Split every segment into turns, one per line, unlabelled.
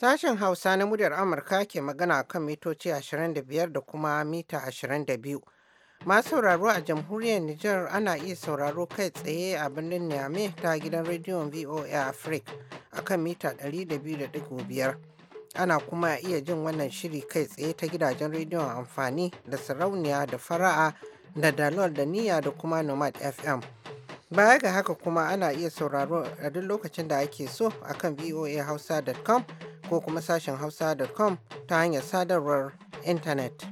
Sashen Hausa na muryar Amurka ke magana kan mitoci 25 da kuma mita 22. Masu sauraro a jamhuriyar Nijar ana iya sauraro kai tsaye a birnin Niamey ta gidan rediyon VOA Africa a kan mita 200.5. Ana kuma iya jin wannan shiri kai tsaye ta gidajen rediyon amfani da sarauniya da fara'a da dalol da niya da kuma nomad fm baya ga haka kuma ana iya sauraro a duk lokacin da ake so a kan voahausa.com ko kuma sashen hausa.com ta hanyar sadarwar intanet.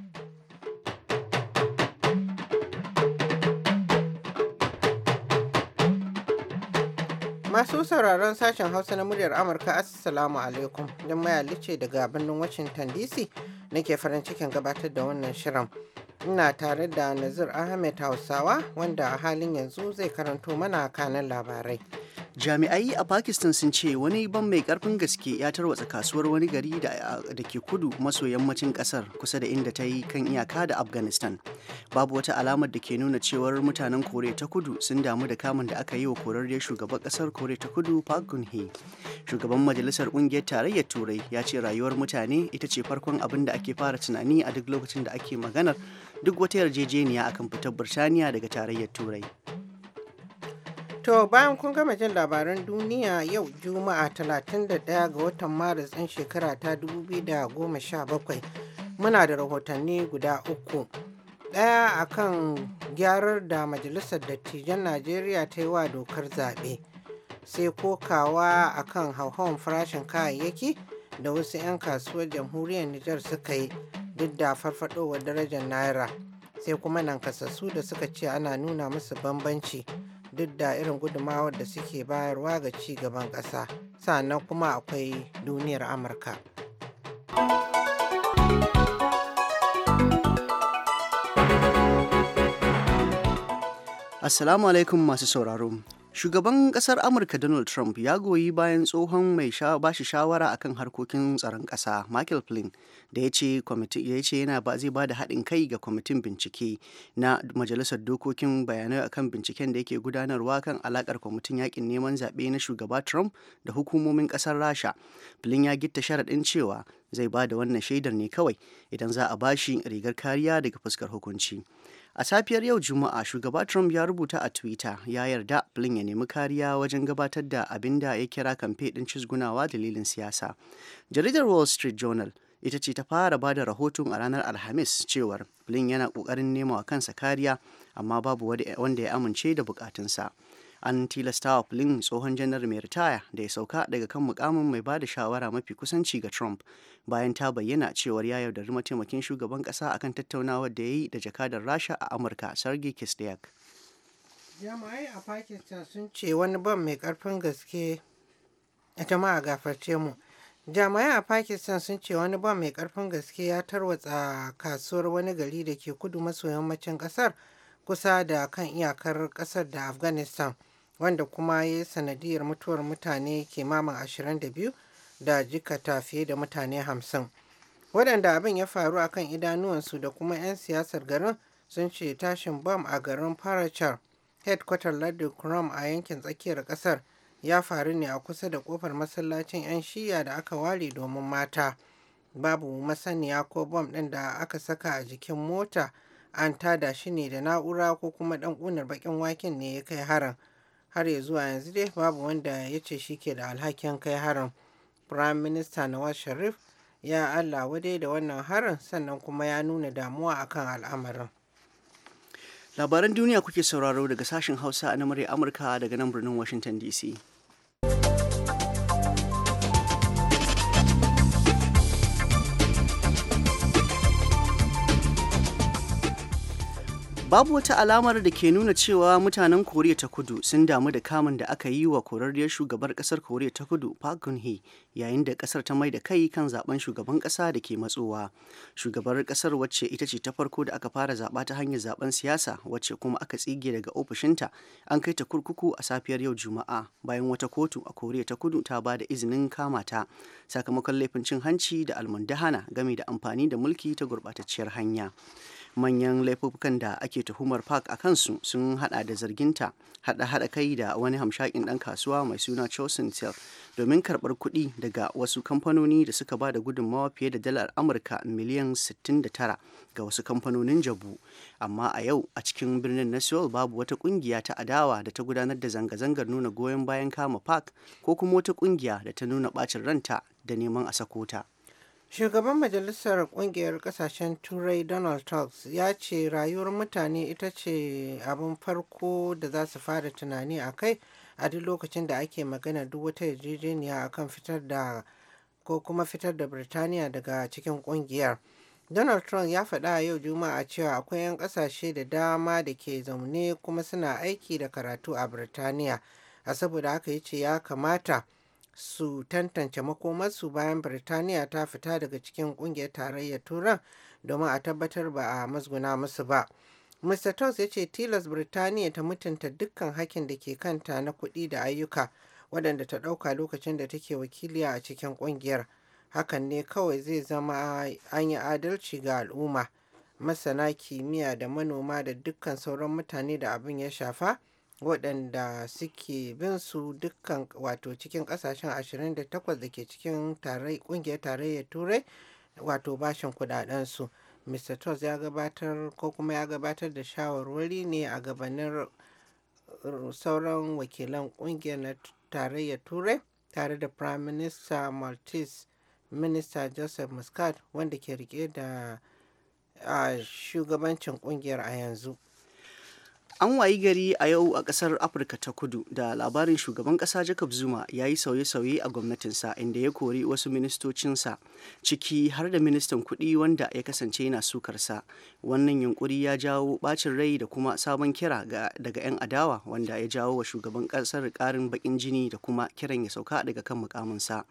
Masu sauraron sashen Hausa na muryar Amurka Assalamu alaikum don mayalice daga birnin Washington DC nake farin cikin gabatar da wannan shirin. Ina tare da Nazir Ahmed Hausawa
wanda a halin yanzu zai karanto mana kanan labarai. jami'ai a pakistan sun ce wani ban mai karfin gaske ya tarwatsa kasuwar wani gari da ke kudu maso yammacin kasar kusa da inda ta yi kan iyaka da afghanistan babu wata alamar da ke nuna cewar mutanen kore ta kudu sun damu da kamun da aka yi wa korarriyar shugaban kasar kore ta kudu park geun shugaban majalisar kungiyar tarayyar turai ya ce rayuwar mutane ita ce farkon abin da ake fara tunani a duk lokacin da ake maganar duk wata yarjejeniya akan fitar birtaniya daga tarayyar turai To bayan kun gama jin labaran duniya
yau Juma'a 31 ga watan Maris ɗin shekara ta 2017 muna da rahotanni guda uku. Ɗaya kan gyarar da Majalisar Dattijan Najeriya ta yi wa dokar zaɓe. Sai kokawa a kan hauhawan farashin kayayyaki da wasu 'yan kasuwar jamhuriyar Nijar suka yi duk da farfadowar darajar Naira. Sai kuma nan kasassu da suka ce ana nuna musu bambanci. duk da irin gudunmawar da suke bayarwa ga ci gaban ƙasa sannan kuma akwai duniyar amurka
assalamu alaikum masu sauraro Shugaban kasar Amurka Donald Trump ya goyi bayan tsohon mai bashi shawara akan harkokin tsaron ƙasa Michael Flynn da ya ce yana ba zai ba da haɗin kai ga kwamitin bincike na Majalisar Dokokin bayanai akan binciken da yake gudanarwa kan alakar kwamitin yakin neman zaɓe na shugaba Trump da hukumomin ƙasar Rasha. Flynn ya gitta sharaɗin cewa zai ba da wannan shaidar ne kawai idan za a ba shi rigar kariya daga fuskar hukunci. A safiyar yau Juma'a, shugaba Trump ya rubuta a Twitter ya yarda Flynn ya nemi kariya wajen gabatar da abin da ya kira kamfe ɗin cizgunawa dalilin siyasa. Jaridar Wall Street Journal ita ce ta fara ba da rahoton a ranar Alhamis cewar Flynn yana ƙoƙarin nema wa kansa kariya amma babu wanda ya amince da bukatunsa. an tilasta wa flynn tsohon janar mai ritaya da ya sauka daga kan mukamin mai bada shawara mafi kusanci ga trump bayan ta bayyana cewar ya yaudari mataimakin shugaban kasa akan tattaunawar da ya yi da jakadar rasha a amurka sergey kislyak
jama'ai a pakistan sun ce
wani ban mai karfin gaske
jama'a gafarce mu jami'ai a pakistan sun ce wani bam mai karfin gaske ya tarwatsa kasuwar wani gari da ke kudu maso yammacin kasar kusa da kan iyakar kasar da afghanistan wanda kuma ya yi sanadiyar mutuwar mutane kimamin 22 da jikata fiye da mutane 50 waɗanda abin ya faru a kan idanuwansu da kuma 'yan siyasar garin sun ce tashin bom a garin farachar headquarter lardin crom a yankin tsakiyar ƙasar ya faru ne a kusa da kofar masallacin 'yan shiya da aka ware domin mata babu masaniya ko bom ɗin da aka saka a jikin mota an tada shi ne da na'ura ko kuma ɗan ƙunar baƙin waken ne ya kai harin har ya zuwa yanzu dai babu wanda ya ce shi ke da alhakin kai harin prime minister nawaz sharif ya allah wadai da wannan harin sannan kuma ya nuna damuwa akan al'amarin
labaran duniya kuke sauraro daga sashen hausa na murya amurka daga nan birnin washington dc babu wata alamar da ke nuna cewa mutanen koriya ta kudu sun damu da kamun da aka yi wa korarriyar shugabar kasar koriya ta kudu park geun yayin da kasar ta mai da kai kan zaben shugaban kasa da ke matsowa shugabar kasar wacce ita ce ta farko da aka fara zaba ta hanyar zaben siyasa wacce kuma aka tsige daga ofishinta an kai ta kurkuku a safiyar yau juma'a bayan wata kotu a koriya ta kudu ta ba da izinin kama ta sakamakon laifin cin hanci da almundahana game da amfani da mulki ta gurbatacciyar hanya manyan laifukan da ake tuhumar park a kansu sun hada da zarginta hada hada kai da wani hamshakin dan kasuwa mai suna chosen tell domin karbar kuɗi daga wasu kamfanoni da suka ba da gudunmawa fiye da dalar amurka miliyan 69 ga wasu kamfanonin jabu amma a yau a cikin birnin na seoul babu wata kungiya ta adawa da ta gudanar da zanga-zangar nuna goyon bayan kama park ko kuma wata kungiya da ta nuna bacin ranta da neman a sako ta Shugaban Majalisar
Ƙungiyar Ƙasashen Turai Donald Tusk ya ce rayuwar mutane ita ce abin farko da za su fara tunani a kai a duk lokacin da ake magana duk wata yarjejeniya kan fitar da ko kuma fitar da Birtaniya daga cikin ƙungiyar. Donald Trump ya faɗa a yau Juma'a cewa akwai 'yan ƙasashe da dama da ke zaune kuma suna aiki da karatu a Birtaniya. A saboda haka ya ce ya kamata su tantance makomarsu bayan Birtaniya ta fita daga cikin kungiyar tarayyar Turan domin a tabbatar ba a musguna musu ba. Mr. Toss ya ce tilas Birtaniya ta mutunta dukkan hakin da ke kanta na kuɗi da ayyuka waɗanda ta ɗauka lokacin da take wakiliya a cikin ƙungiyar. Hakan ne kawai zai zama an yi adalci ga al'umma. Masana kimiyya da manoma da dukkan sauran mutane da abin ya shafa waɗanda suke bin su dukkan wato cikin ƙasashen 28 da ke cikin ƙungiyar tarayyar turai wato bashin kudadensu mr tos ya gabatar ko kuma ya gabatar da shawarwari ne a gabanin sauran wakilan ƙungiyar na tarayyar turai tare da prime minister maltese minister joseph muscat wanda ke rike da shugabancin ƙungiyar a yanzu
an wayi gari a yau a kasar afirka ta kudu da labarin shugaban kasa jacob zuma ya yi sauye-sauye a gwamnatinsa inda ya kori wasu ministocinsa ciki har da ministan kudi wanda ya kasance yana sukarsa wannan yunkuri ya jawo bacin rai da kuma sabon kira daga 'yan adawa wanda ya jawo wa shugaban kasar karin bakin jini da kuma kiran ya sauka daga kan mukaminsa.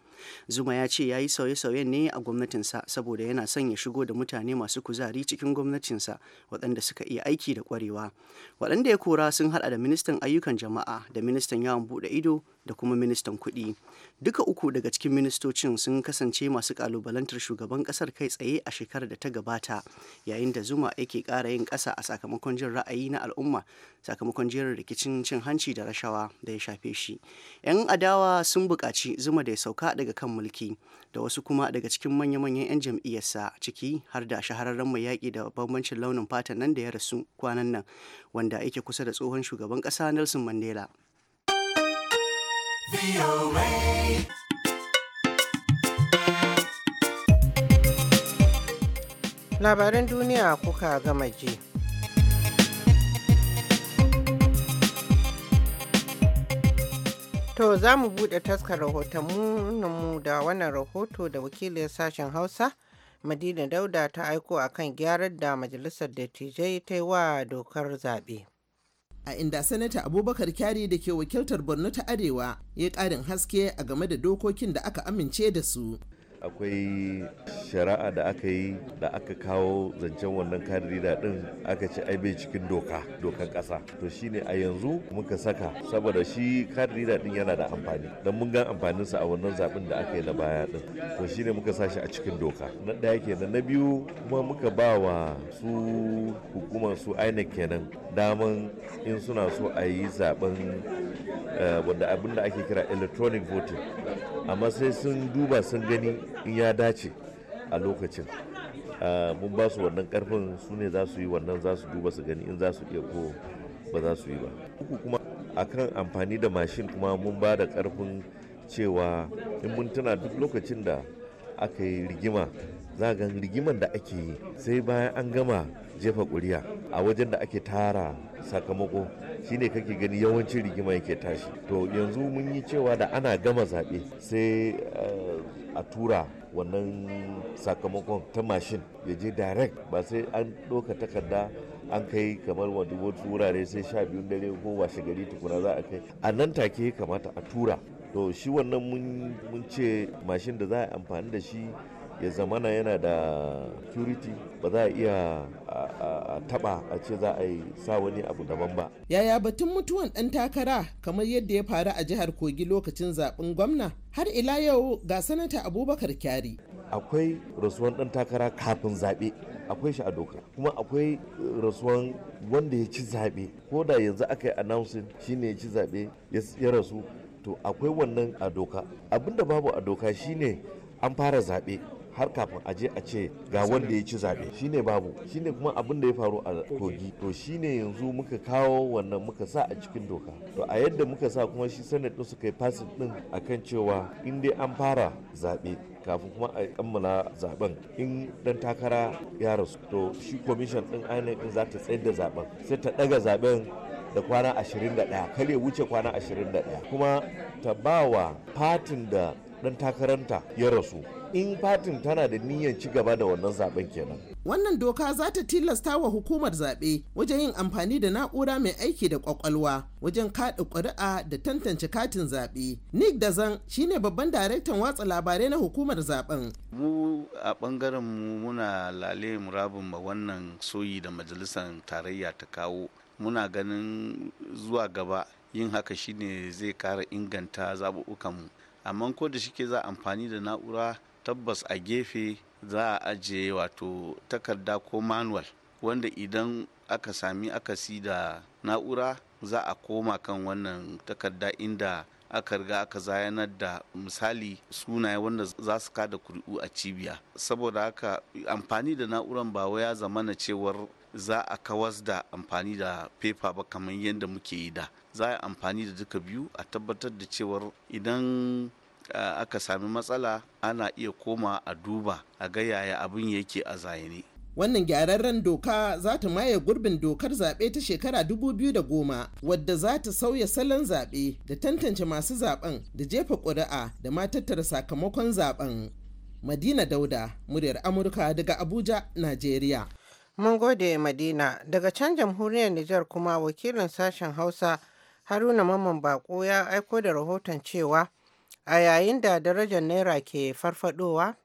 Zuma ya ce ya yi sauye-sauyen ne a gwamnatinsa saboda yana son ya shigo da mutane masu kuzari cikin gwamnatinsa waɗanda suka iya aiki da ƙwarewa. Waɗanda ya kora sun haɗa da ministan ayyukan jama'a da ministan yawon buɗe ido da kuma ministan kuɗi duka uku daga cikin ministocin sun kasance masu kalubalantar shugaban kasar kai tsaye a shekarar da ta gabata yayin da zuma yake ƙara yin ƙasa a sakamakon jin ra'ayi na al'umma sakamakon jerin rikicin cin hanci da rashawa da ya shafe shi 'yan adawa sun buƙaci zuma da ya sauka daga kan mulki da wasu kuma daga cikin manya-manyan 'yan jam'iyyarsa ciki har da shahararren mai yaƙi da bambancin launin fatan nan da ya rasu kwanan nan wanda yake kusa da tsohon shugaban ƙasa nelson mandela
Labaran duniya kuka gama ji. To za mu buɗe taskar rahotanmu da wannan rahoto da wakilin sashen Hausa Madina Dauda ta aiko akan gyarar da Majalisar Dattijai ta yi wa dokar zaɓe. a inda sanata abubakar kyari da ke wakiltar borno ta arewa ya ƙarin haske
a game da dokokin da aka amince da su
akwai shari'a da aka yi da aka kawo zancen wannan da din aka ce ai bai cikin doka dokan kasa to shine a yanzu muka saka saboda shi da din yana da amfani dan mun ga amfanin amfaninsa a wannan zabin da aka yi na baya din to shine muka sa shi a cikin doka na ɗaya kenan na biyu kuma muka ba wa su hukumar su INEC kenan daman in suna so a yi zaben. Eh, wanda abin da ake kira electronic voting amma sai sun duba sun gani in ya dace a lokacin eh, mun ba su wannan karfin su ne za su yi wannan za su duba su gani in za su iya ko ba za su yi ba uku kuma a kan amfani da mashin kuma mun ba da karfin cewa in mun tuna duk lokacin da aka yi rigima za rigiman da ake yi sai bayan an gama jefa ƙuri'a a wajen da ake tara sakamako shine kake gani yawancin rigima yake tashi to yanzu mun yi cewa da ana gama zaɓe sai eh, a tura wannan sakamakon ta mashin ya je direct ba sai an ɗauka takarda an kai kamar wani wasu wurare sai sha biyun dare ko washe gari tukuna za a kai a nan take kamata a tura to shi wannan mun ce mashin da za a amfani da shi ya zamana yana da security ba za a iya taɓa taba a ce za a yi sa wani abu daban ba.
Yaya batun mutuwan ɗan takara kamar yadda ya faru a jihar Kogi lokacin zaɓen gwamna har ila yau ga sanata Abubakar Kyari.
Akwai rasuwan ɗan takara kafin zaɓe akwai shi a doka kuma akwai rasuwan wanda ya ci zaɓe ko da yanzu aka yi announcing shine ya ci zaɓe ya rasu to akwai wannan a doka abinda babu a doka shine an fara zaɓe har kafin a je a ce ga wanda ya ci zaɓe shine babu shine kuma abin da ya faru a kogi to shine yanzu muka kawo wannan muka sa a cikin doka to a yadda muka sa kuma shi sanad din suka yi ɗin din akan cewa in dai an fara zaɓe kafin kuma a kammala zaben in dan takara ya rasu to shi komishin din ainihin din za ta tsayar da zaben sai ta ɗaga zaben da kwana 21 kare wuce kwana 21 kuma ta ba wa fatin da dan takaranta ya rasu in fatin tana da niyyar ci gaba da wannan zaben kenan
wannan doka za ta tilasta wa hukumar zaɓe wajen yin amfani da na'ura mai aiki da kwakwalwa wajen kaɗa ƙuri'a da tantance katin zaɓe nick dazan shine babban daraktan watsa labarai na hukumar zaben
mu a ɓangaren mu muna lale murabin ma wannan soyi da majalisar tarayya ta kawo muna ganin zuwa gaba yin haka shine zai ƙara inganta mu amma ko da shike za amfani da na'ura tabbas a gefe za a ajiye wato takarda ko manual wanda idan aka sami akasi da na'ura za a koma kan wannan takarda inda aka riga aka zayanar da misali sunaye wanda za su kada kuri'u a cibiya saboda haka amfani da na'uran ba ya zamana cewar za a kawas da amfani da fefa ba kamar yadda muke yi da za a amfani da duka biyu a tabbatar da cewar idan aka sami matsala ana iya koma a duba a ga yaya abin yake a
zayene. wannan gyararren doka za ta maye gurbin dokar zaɓe ta shekara 2010 wadda za ta sauya salon zaɓe da tantance masu zaɓen da jefa ƙuri'a da ma tattara sakamakon zaɓen madina dauda muryar amurka daga abuja
najeriya mun gode madina daga can jamhuriyar nijar kuma wakilin sashen hausa haruna mamman bako ya aiko da rahoton cewa a yayin da darajar naira ke farfadowa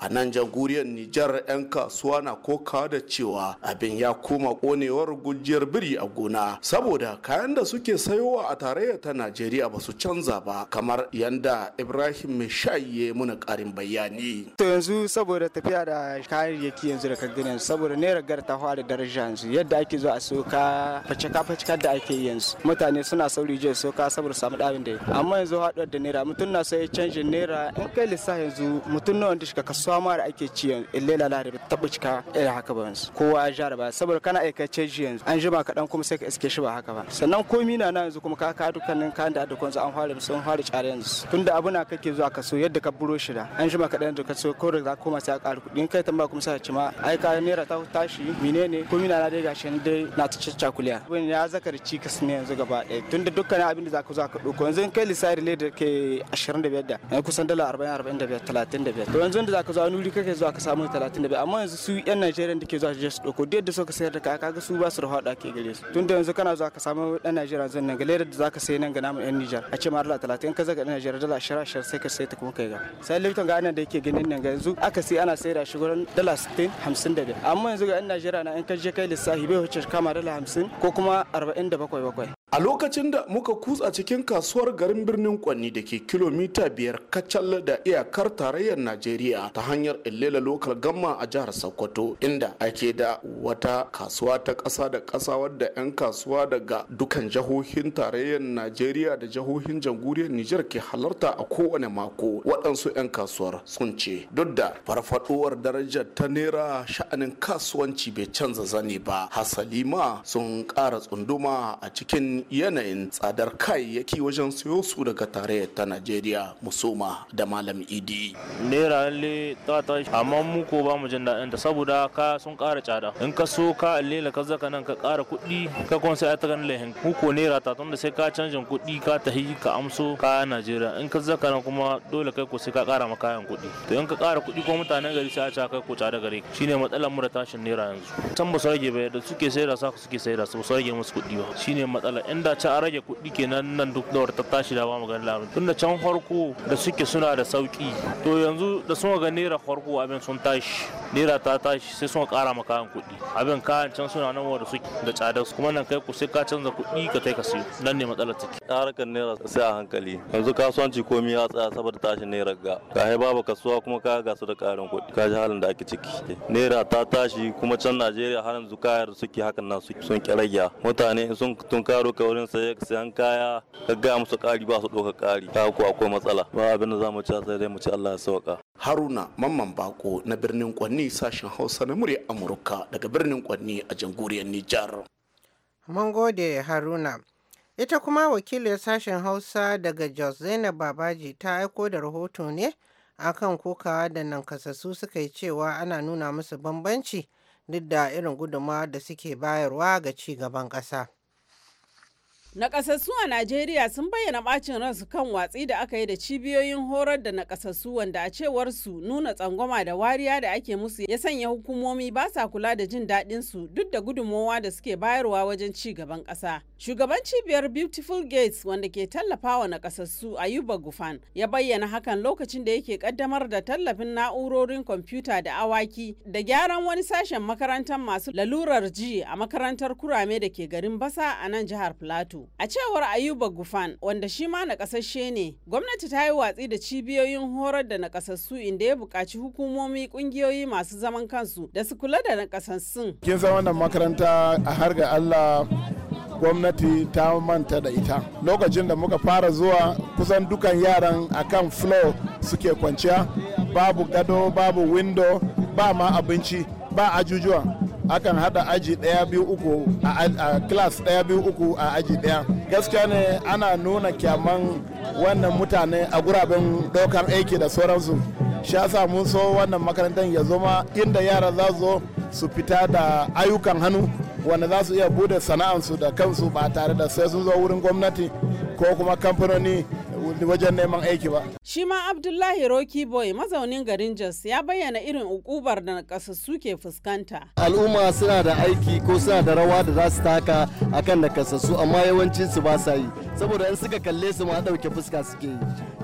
a nan jamhuriyar nijar 'yan kasuwa na koka da cewa abin ya koma konewar gujiyar biri a gona saboda kayan da suke sayowa a tarayyar ta najeriya ba su canza ba kamar yanda ibrahim mai shayi muna karin bayani
to yanzu saboda tafiya da yaki yanzu da kagina saboda naira gar ta fara daraja yanzu yadda ake zuwa a soka ka facikar da ake yanzu mutane suna sauri je soka saboda samu ɗabin da amma yanzu haɗuwar da naira mutum na sai canjin naira in kai lissa yanzu mutum nawa da shiga kasu kasuwa da ake ci yanzu illa eh, lala da taɓa cika irin haka ba yanzu kowa ya jara ba saboda kana aikace ji yanzu an jima kaɗan kuma sai ka iske shi ba haka ba sannan komi na yanzu kuma ka ka dukkanin kayan da dukkan su an fara sun fara tsare yanzu tunda abuna kake zuwa ka so yadda ka buro shi da an jima kaɗan da ka so ko da za ka koma sai ka ƙara kuɗi kai tamba kuma sai ka ci ma ai ka naira ta tashi menene komi na dai gashi ne dai na ta kuliya abin ya zakar ci ka ne yanzu gaba ɗaya tunda dukkanin abin da za ka zo ka ɗauko yanzu kai lissari ne da ke 25 da kusan dala 40 45 35 to yanzu da za ka za wani wuri kake zuwa ka samu 35 amma yanzu su yan Najeriya da ke zuwa su ɗauko duk yadda suka sayar da kaya kaga su ba su da hada ke gare su tun da yanzu kana zuwa ka samu dan Najeriya zan nan galer da zaka sayi nan ga namu yan Niger a ce ma dala 30 ka zaga dan Najeriya dala 20 sai ka sayi ta kuma kai ga sai Lipton ga anan da yake ganin nan ga yanzu aka sai ana sayar da shi gurin dala 60 55 amma yanzu ga yan Najeriya na in ka je kai lissafi bai wuce kama dala 50 ko kuma 47 bakwai
a lokacin da muka kutsa cikin kasuwar garin birnin kwanni da ke kilomita biyar kacal da iyakar tarayyar najeriya ta hanyar illela lokal gamma a jihar sokoto inda ake da wata kasuwa ta ƙasa da ƙasa wadda 'yan kasuwa daga dukan jihohin tarayyar najeriya da jihohin jamhuriyar nijar ke halarta a kowane mako waɗansu 'yan kasuwar sun ce duk da farfaɗowar darajar ta naira sha'anin kasuwanci bai canza zane ba hasali ma sun ƙara tsunduma a cikin yanayin tsadar kayayyaki wajen siyo su daga tarayyar ta Najeriya musoma da Malam Idi. Naira lalle ta tashi amma mu ko ba mu jin daɗin ta saboda ka sun ƙara tsada. In ka so ka allela ka zaka nan ka ƙara kuɗi ka kuma sai ta ganin lahin. Mu ko naira ta tunda sai ka canjin kuɗi ka tahi ka amso ka Najeriya. In ka zaka nan kuma dole kai ko sai ka ƙara ma kayan kuɗi. To in ka ƙara kuɗi ko mutanen gari sai a ci kai ko tsada gare. Shine matsalar mu da tashin naira yanzu. Can ba su rage ba da suke sai da sa suke sai da su ba su rage musu kuɗi ba. Shine matsalar inda ci an rage kuɗi kenan nan duk da ta tashi da ba mu gani labarin tunda can farko da suke suna da sauki to yanzu da sun ga naira farko abin sun tashi naira ta tashi sai sun kara ma kayan kuɗi abin kayan can suna nan wanda suke da tsada kuma nan kai ku sai ka
canza kuɗi ka kai ka siyo nan ne matsalar take harkar naira sai a hankali yanzu kasuwanci komai ya tsaya saboda tashi naira ga ka babu kasuwa kuma ka ga su da karin kuɗi ka ji halin da ake ciki naira ta tashi kuma can Najeriya har yanzu kayar suke hakan nan suke sun kirage mutane sun tunkaro ka ka wurin sai sayan kaya ka gaya musu ƙari ba su ɗauka ƙari ta ko akwai matsala ba abin da za mu ci sai dai mu ci Allah ya sauka.
Haruna Mamman Bako na birnin Kwanni sashen Hausa na murya Amurka daga birnin Kwanni a jamhuriyar Nijar.
Mun gode Haruna. Ita kuma wakilin sashen Hausa daga Jos Zainab Babaji ta aiko da rahoto ne akan kokawa da nan kasassu suka yi cewa ana nuna musu bambanci duk da irin gudunmawa da suke bayarwa ga ci gaban ƙasa.
Nakasassu a Najeriya sun bayyana bacin ransu kan watsi da aka yi da cibiyoyin horar da nakasassu wanda a cewar su nuna tsangwama da wariya da ake musu ya sanya hukumomi ba sa kula da jin daɗin su duk da gudummawa da suke bayarwa wajen ci gaban ƙasa. Shugaban cibiyar Beautiful Gates wanda ke tallafa tallafawa nakasassu Ayuba Gufan ya bayyana hakan lokacin da yake kaddamar da tallafin na'urorin kwamfuta da awaki da gyaran wani sashen makarantar masu lalurar ji a makarantar kurame da ke garin Basa a nan jihar Plateau. A cewar Ayuba Gufan wanda shi ma nakasashe ne, gwamnati ta yi watsi da cibiyoyin horar da nakasassu inda ya buƙaci hukumomi ƙungiyoyi masu zaman kansu da su kula da nakasassun.
Kin san wannan makaranta a har ga Allah gwamnati ta manta da ita lokacin da muka fara zuwa kusan dukan yaran akan floor suke kwanciya babu gado babu window ba ma abinci ba ajujuwa akan hada aji daya biyu uku a class daya biyu uku a aji daya gaskiya ne ana nuna kyaman wannan mutane a guraben dokar aiki da sauransu shi yasa mun so wannan makarantar ya zama inda yara za zo su fita da ayyukan hannu wanda za su iya bude sana'ansu da kansu ba tare da sai sun zo wurin gwamnati ko kuma kamfanoni wajen neman aiki ba.
Shi ma Abdullahi Roki Boy mazaunin garin Jos ya bayyana irin ukubar da nakasassu
ke fuskanta. Al'umma suna da aiki ko suna da rawa da za su taka akan nakasassu amma yawancin su ba sa yi saboda in suka kalle su ma ɗauke fuska suke yi.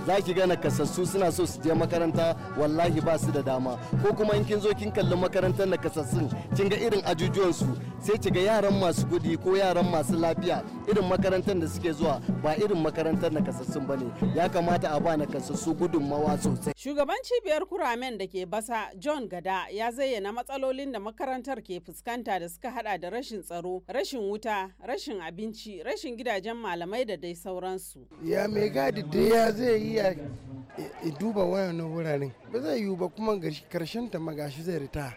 Za ki ga nakasassu suna so su je makaranta wallahi ba su da dama ko kuma in kin zo kin kalli makarantar nakasassun kin ga irin ajujuwan su sai ki ga yaran masu kudi ko yaran masu lafiya irin makarantar da suke zuwa ba irin makarantar nakasassun bane ya kamata a ba nakasassu gudunmawa sosai
shugaban cibiyar kuramen da ke basa john gada ya zayyana matsalolin da makarantar ke fuskanta da suka hada da rashin tsaro rashin wuta rashin abinci rashin gidajen malamai da dai sauransu
ya mai gadi da ya zai yi ya duba wayannan wuraren ba zai yiwu ba kuma karshen ta magashi zai rita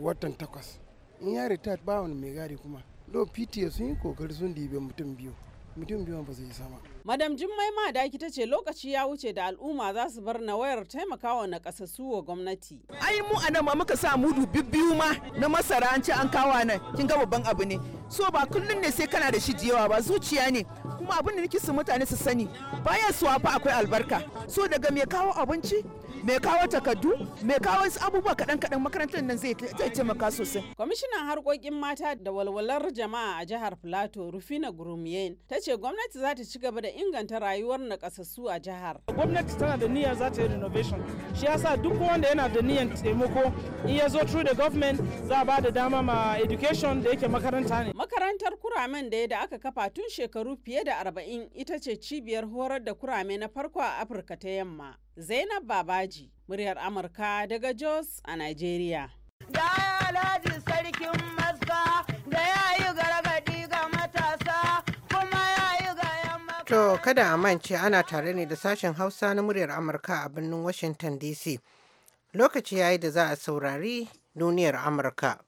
watan takwas in ya retired ba wani mai gadi kuma do pta sun yi kokari sun dibe mutum biyu mutum biyu ba zai sama.
madam ma da ta ce lokaci ya wuce da al'umma za su bar na wayar taimakawa na kasassu wa gwamnati
ai mu anan ma muka sa mudu bibbiyu ma na masara an ci an kawa nan kin ga babban abu ne so ba kullun ne sai kana da shi jiyawa ba zuciya ne kuma abin da nake su mutane su sani bayan suwa fa akwai albarka so daga mai kawo abinci mai kawo takardu mai kawo abubuwa kaɗan kaɗan makarantar nan zai taimaka sosai.
kwamishinan harkokin mata da walwalar jama'a a jihar plateau rufina gurumiyen ta ce gwamnati za ta ci gaba da inganta rayuwar nakasassu a jihar.
gwamnati tana da niyyar za ta yi renovation shi yasa duk wanda yana da niyyar taimako in ya zo through the government za a ba da dama ma education da yake makaranta ne.
makarantar kuramen da ya da aka kafa tun shekaru fiye da arba'in ita ce cibiyar horar da kurame na farko a afirka ta yamma. Zainab Babaji, muryar Amurka daga Jos a Najeriya. Da Sarkin da ya yi ga matasa kuma
ya ga To, kada a mance ana tare ne da sashen Hausa na muryar Amurka a birnin Washington DC. Lokaci ya yi da za a saurari duniyar Amurka.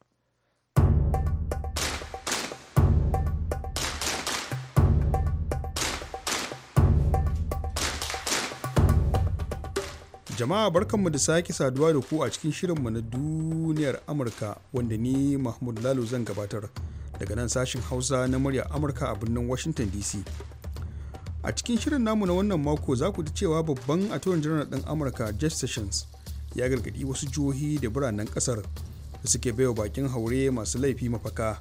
Jama'a barkanmu da sake saduwa da ku a cikin shirinmu na duniyar Amurka wanda ni Mahmud Lalo zan gabatar daga nan sashen Hausa na murya Amurka a birnin Washington DC. A cikin shirin namu na wannan mako za ku ji cewa babban attorney general ɗin Amurka Jeff Sessions ya gargadi wasu jihohi da biranen ƙasar da suke baiwa bakin haure masu laifi mafaka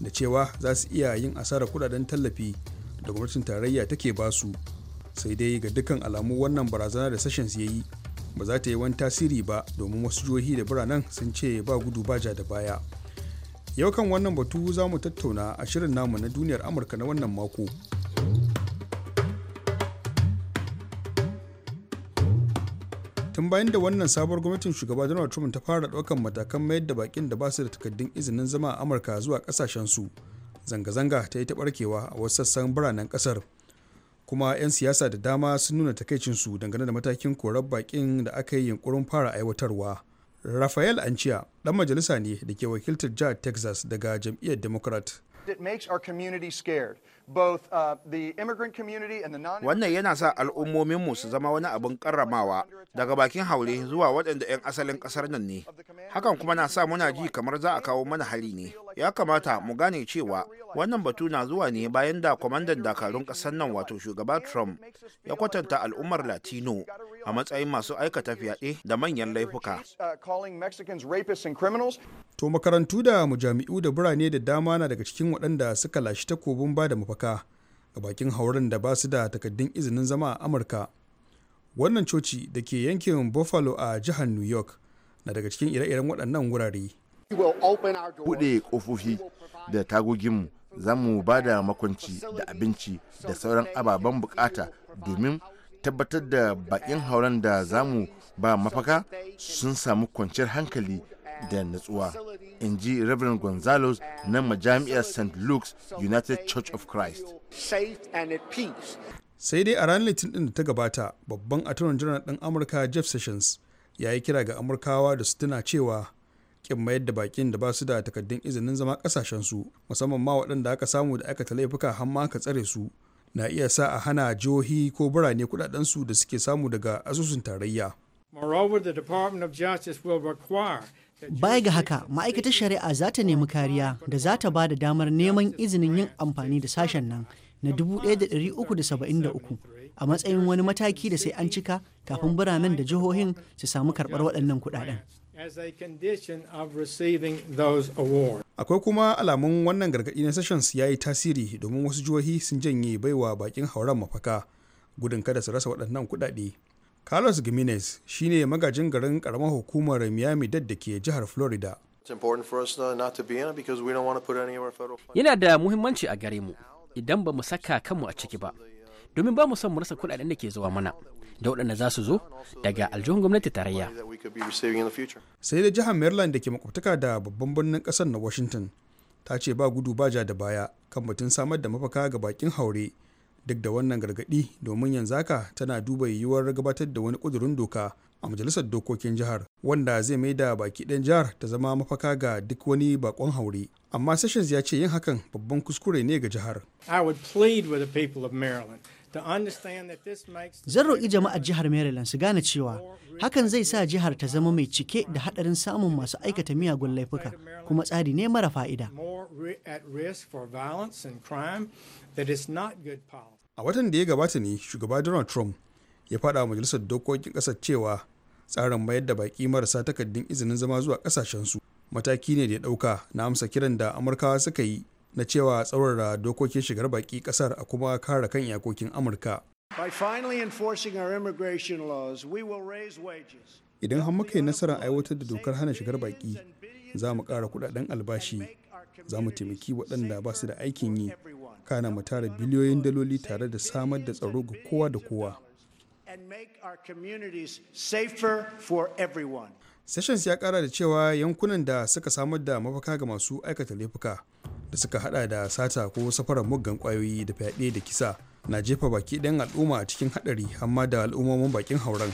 da cewa za su iya yin asarar kudaden tallafi da gwamnatin tarayya take basu sai dai ga dukkan alamu wannan barazana da sessions ya yi ba za ta yi wani tasiri ba domin wasu jihohi da biranen sun ce ba gudu ba ja da baya yau kan wannan batu za mu tattauna a shirin namu na duniyar amurka na wannan mako tun bayan da wannan sabuwar gwamnatin shugaba donald trump ta fara ɗaukan matakan mayar da bakin da ba su da takaddun izinin zama a amurka zuwa su zanga-zanga ta yi ta barkewa a wasu sassan biranen ƙasar kuma 'yan siyasa da dama sun nuna takaicinsu dangane da matakin korar bakin da aka yi yunkurin fara aiwatarwa rafael ancia dan majalisa ne da ke wakiltar jihar texas daga jam'iyyar democrat Uh, wannan yana sa al'ummominmu su zama wani abin
karramawa daga bakin haure zuwa waɗanda 'yan asalin ƙasar nan ne. Hakan kuma na sa muna ji kamar za a kawo mana hali ne. Ya kamata mu gane cewa wannan batu na zuwa ne bayan da kwamandan dakarun ƙasar nan wato shugaba Trump ya kwatanta al'ummar Latino a
matsayin masu aikata fyaɗe
da manyan laifuka.
Uh, to makarantu da mujami'u da birane da dama na daga cikin waɗanda suka lashe takobin ba da mafaka. amurka ga bakin hauren da ba su da takaddun izinin zama a amurka wannan coci da ke yankin buffalo a jihar new york na daga cikin ire-iren waɗannan wurare
buɗe ƙofofi da tagoginmu za mu ba da makwanci da abinci da sauran ababen bukata domin tabbatar da bakin hauren da za mu ba mafaka sun samu kwanciyar hankali da natsuwa in ji reverend gonzalez na majami'ar st luke's united church of christ
sai dai a ranar litinin din da ta gabata babban attorney general ɗin amurka jeff sessions ya yi kira ga amurkawa da su tuna cewa kin mayar da bakin da ba su da takaddun izinin zama su musamman ma waɗanda aka samu da aikata laifuka har ma ka tsare su na iya sa a hana jihohi ko birane su da suke samu daga asusun tarayya. Moreover, the Department of Justice will require
Baya ga haka, ma'aikatar shari'a za ta nemi kariya da za ta ba da damar neman izinin yin amfani da sashen nan na 1373 a matsayin wani mataki da sai an cika kafin biranen da jihohin su samu karɓar waɗannan kuɗaɗen.
Akwai kuma alamun wannan gargaɗi na sessions ya yi tasiri domin wasu jihohi sun janye baiwa bakin hauren mafaka gudun kada su rasa waɗannan kuɗaɗe. carlos gimenez shine magajin garin karamar hukumar miami dad da ke jihar florida
uh, yana da muhimmanci a gare mu idan ba mu saka kanmu a ciki ba domin ba mu son mu rasa kuɗaɗen da ke zuwa mana da waɗanda za su zo
daga aljihun gwamnati tarayya sai da jihar maryland da ke makwabtaka da babban birnin ƙasar na washington ta ce ba gudu ba ja da baya kan batun samar da mafaka ga bakin haure duk da wannan gargaɗi domin yanzu haka tana duba yiwuwar gabatar da wani ƙudurin doka a majalisar dokokin jihar wanda zai mai da baki ɗan jihar ta zama mafaka ga duk wani bakon haure amma sessions ya ce yin hakan babban kuskure ne ga jihar i would plead with the people of maryland Zan
roƙi jama'ar jihar Maryland su gane cewa hakan zai sa jihar ta zama mai cike da haɗarin samun masu aikata miyagun laifuka kuma tsari ne mara fa'ida.
A watan da ya gabata ne shugaba Donald Trump ya faɗa majalisar dokokin ƙasar cewa tsarin mayar da baƙi marasa takardun izinin zama zuwa ƙasashensu mataki ne da ya dauka na amsa kiran da Amurkawa suka yi na cewa tsaurara dokokin shigar baki kasar a kuma kare kan iyakokin amurka idan har muka yi nasarar aiwatar da dokar hana shigar baki za mu ƙara kudaden albashi za mu taimaki waɗanda ba su da aikin yi kana mu tara biliyoyin daloli tare da samar da tsaro ga kowa da kowa sessions ya kara da cewa yankunan da suka samar da mafaka ga masu aikata laifuka da suka hada da sata ko safarar muggan kwayoyi da fyaɗe da kisa na jefa baki ɗayan al'umma a cikin haɗari amma da al'ummomin bakin hauren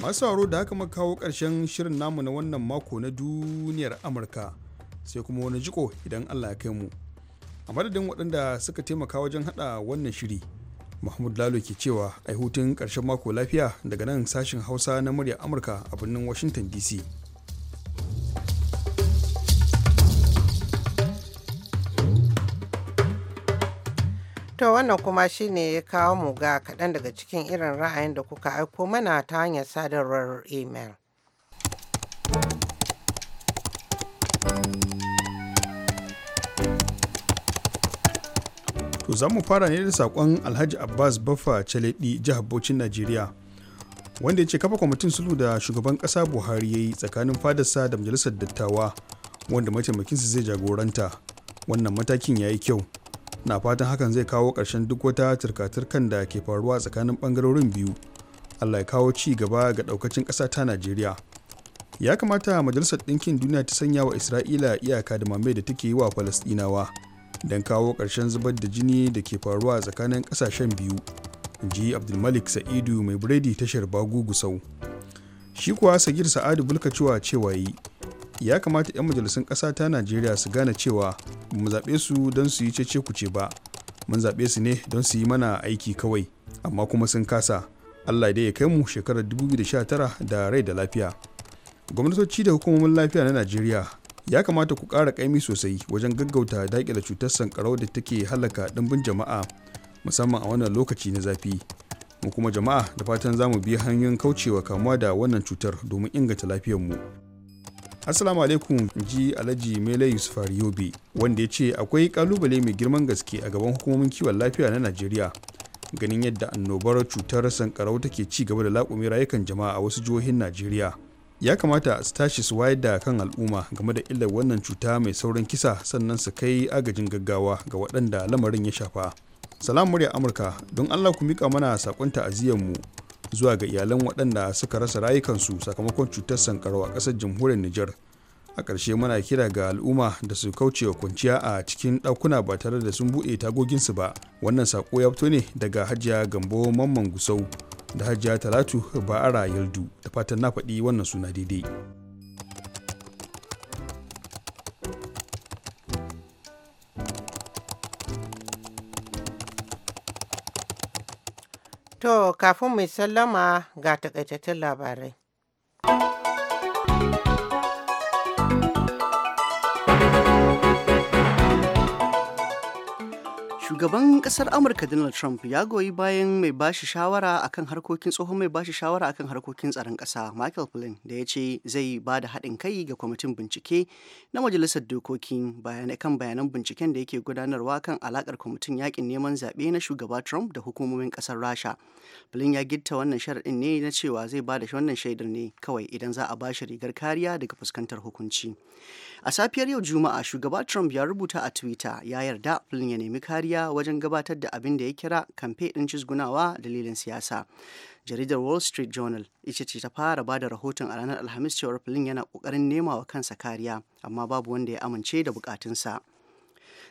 masu sauraro da haka muka kawo ƙarshen shirin namu na wannan mako na duniyar amurka sai kuma wani jiko idan allah ya kai mu a madadin waɗanda suka taimaka wajen haɗa wannan shiri mahmud lalo ke cewa ai hutun ƙarshen mako lafiya daga nan sashen hausa na murya amurka a birnin washington dc
To wannan kuma shine ya kawo mu ga kaɗan daga cikin irin ra'ayin da kuka aiko mana ta hanyar sadarwar email.
To za mu fara ne da saƙon Alhaji Abbas Baffa caleɗi jihar Bauchin Najeriya. Wanda ya ce kafa kwamitin sulhu da shugaban ƙasa Buhari ya yi tsakanin fadarsa da majalisar dattawa wanda mataimakinsa zai jagoranta. Wannan matakin ya yi kyau. na fatan hakan zai kawo ƙarshen duk wata turka-turkan da ke faruwa tsakanin ɓangarorin biyu allah ya kawo ci gaba ga ɗaukacin ƙasa ta najeriya ya kamata majalisar ɗinkin duniya ta sanya wa isra'ila iyaka da mamaye da take yi wa falasɗinawa don kawo ƙarshen zubar da jini da ke faruwa tsakanin ƙasashen biyu ji abdulmalik sa'idu mai biredi tashar bagu gusau shi kuwa sagir sa'adu cewa cewa yi ya kamata 'yan majalisun ƙasa ta najeriya su gane cewa mu zaɓe su don su yi cece kuce ba mun zaɓe su ne don su yi mana aiki kawai amma kuma sun kasa allah dai ya kai mu shekarar 2019 da rai da lafiya gwamnatoci da hukumomin lafiya na najeriya ya kamata ku ƙara ƙaimi sosai wajen gaggauta daƙila cutar sankarau da take halaka ɗimbin jama'a musamman a wannan lokaci na zafi mu kuma jama'a da fatan za mu bi hanyoyin kaucewa kamuwa da wannan cutar domin inganta lafiyar mu assalamu alaikum ji alhaji mele yusuf yobe wanda ya ce akwai kalubale mai girman gaske a gaban hukumomin kiwon lafiya na najeriya ganin yadda annobar cutar sankarau take ci gaba da laƙumi rayukan jama'a a wasu jihohin najeriya ya kamata su tashi su wayar da kan al'umma game da illar wannan cuta mai saurin kisa sannan su kai agajin gaggawa ga waɗanda lamarin ya shafa salam murya amurka don allah ku mika mana saƙon ta'aziyyar mu zuwa ga iyalan waɗanda suka rasa rayukansu sakamakon cutar sankarau a ƙasar jamhuriyar Nijar. A ƙarshe muna kira ga al'umma da su kauce wa kwanciya a cikin ɗakuna ba tare da sun buɗe tagoginsu ba. Wannan saƙo ya fito ne daga Hajiya Gambo Mamman Gusau da Hajiya Talatu Ba'ara Yaldu da fatan na faɗi wannan suna daidai.
To, kafin mai sallama ga takaitattun labarai.
Shugaban kasar Amurka Donald Trump ya goyi bayan mai bashi shawara akan harkokin tsohon mai bashi shawara akan harkokin tsaron kasa Michael Flynn da ya ce zai ba da haɗin kai ga kwamitin bincike na majalisar dokokin bayanai kan bayanan binciken da yake gudanarwa kan alakar kwamitin yakin neman zaɓe na shugaba Trump da hukumomin kasar Rasha. Flynn ya gitta wannan sharaɗin ne na cewa zai ba da wannan shaidar ne kawai idan za a ba shi rigar kariya daga fuskantar hukunci. A safiyar yau Juma'a shugaba Trump ya rubuta a Twitter ya yarda Flynn ya nemi kariya wajen gabatar da abin da ya kira kamfe ɗin cizgunawa dalilin siyasa. Jaridar Wall Street Journal ita ce ta fara ba da rahoton a ranar Alhamis cewar Flynn yana ƙoƙarin nema wa kansa kariya, amma babu wanda ya amince da bukatunsa.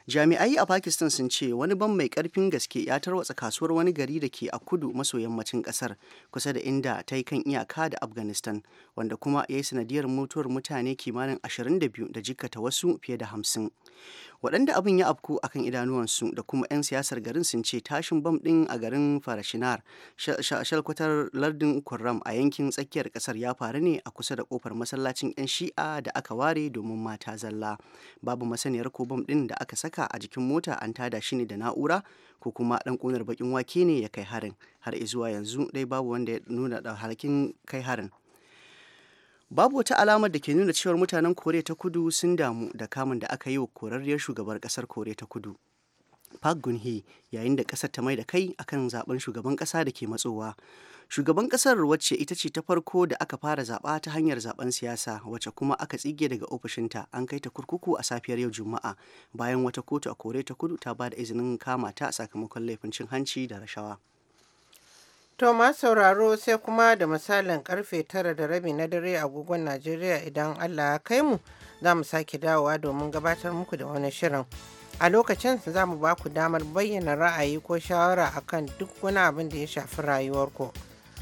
jami'ai a pakistan sun ce wani ban mai karfin gaske ya tarwatsa kasuwar wani gari da ke a kudu maso yammacin kasar kusa da inda ta yi kan iyaka da afghanistan wanda kuma ya yi sanadiyar mutuwar mutane kimanin 22 da jikkata wasu fiye da 50 waɗanda abin ya afku akan idanuwansu da kuma 'yan siyasar garin sun ce tashin bam ɗin a garin farashinar shalkwatar lardin kurram a yankin tsakiyar ƙasar ya faru ne a kusa da kofar masallacin 'yan shi'a da aka ware domin mata zalla babu masaniyar ko bam ɗin da aka saka a jikin mota an tada shi ne da na'ura ko kuma ɗan ƙunar baƙin wake ne ya kai harin har izuwa yanzu dai babu wanda ya nuna da harkin kai harin babu wata alamar da ke nuna cewar mutanen koriya ta kudu sun damu da kamun da aka yi wa korarriyar shugabar kasar koriya ta kudu park geun hye yayin da kasar ta mai da kai akan zaben shugaban kasa da ke matsowa shugaban kasar wacce ita ce ta farko da aka fara zaba ta hanyar zaben siyasa wacce kuma aka tsige daga ofishinta an kai ta kurkuku a safiyar yau juma'a bayan wata kotu a kore ta kudu ta ba da izinin kama ta sakamakon laifin cin hanci da rashawa
To ma sauraro sai kuma da misalin karfe tara da rabi na dare a agogon Najeriya idan Allah ya kai mu za mu sake dawowa domin gabatar muku da wani shirin. A lokacin za mu ba ku damar bayyana ra'ayi ko shawara akan duk wani abin da ya shafi rayuwarku.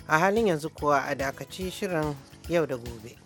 A halin yanzu kuwa a dakaci shirin yau da gobe.